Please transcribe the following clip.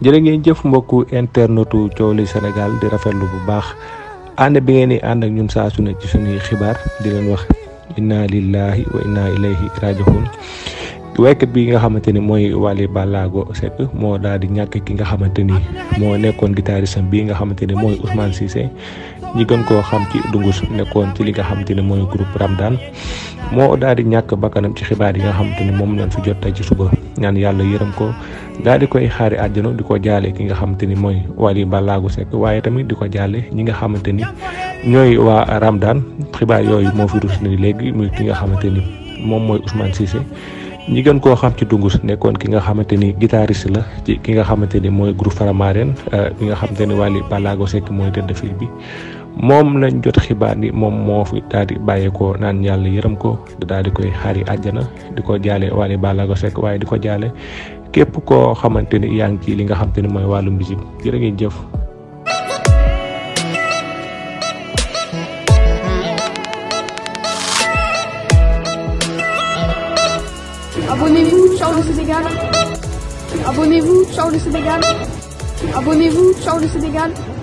jërë ngeen jëf mbokku internetu Thiowli Sénégal di rafetlu bu baax ànd bi ngeen di ànd ak ñun saa su ne ci suñuy xibaar di leen wax inna lillahi wa inna ilayhi rajiun waykat bi nga xamante ni mooy Wally Ballago Seck moo daal di ñàkk ki nga xamante ni moo nekkoon guitariste bi nga xamante ni mooy Ousmane Cissé ñi gën koo xam ci dungus nekkoon ci li nga xamante ni mooy groupe Ramdan moo daal di ñàkk bakkanam ci xibaar yi nga xamante ni moom lañ fi jot tey ci suba ñaan yàlla yërëm ko daal di koy xaari àjjana di ko jaale ki nga xamante ni mooy Wally Ballago Seck waaye tamit di ko jaale ñi nga xamante ni ñooy waa Ramadan xibaar yooyu moo fi rus ni léegi muy ki nga xamante ni moom mooy Ousmane Cissé ñi gën koo xam ci dungus nekkoon ki nga xamante ni guitariste la ci ki nga xamante ni mooy groupe Faramareen ki nga xamante ni Wally Ballago Seck mooy tëdd fil bi moom lañ jot xibaar ni moom moo fi daal di bàyyeekoo naan yàlla yërëm ko daal di koy xari àjjana di ko jaale Wally Ballago Seck waaye di ko jaale képp koo xamante ni yaa ngi ci li nga xamante ni mooy wàllu jërë ngeen jëf Abonnez-vous, ciao le Sénégal. Abonnez-vous, ciao le Sénégal. Abonnez-vous, ciao le Sénégal.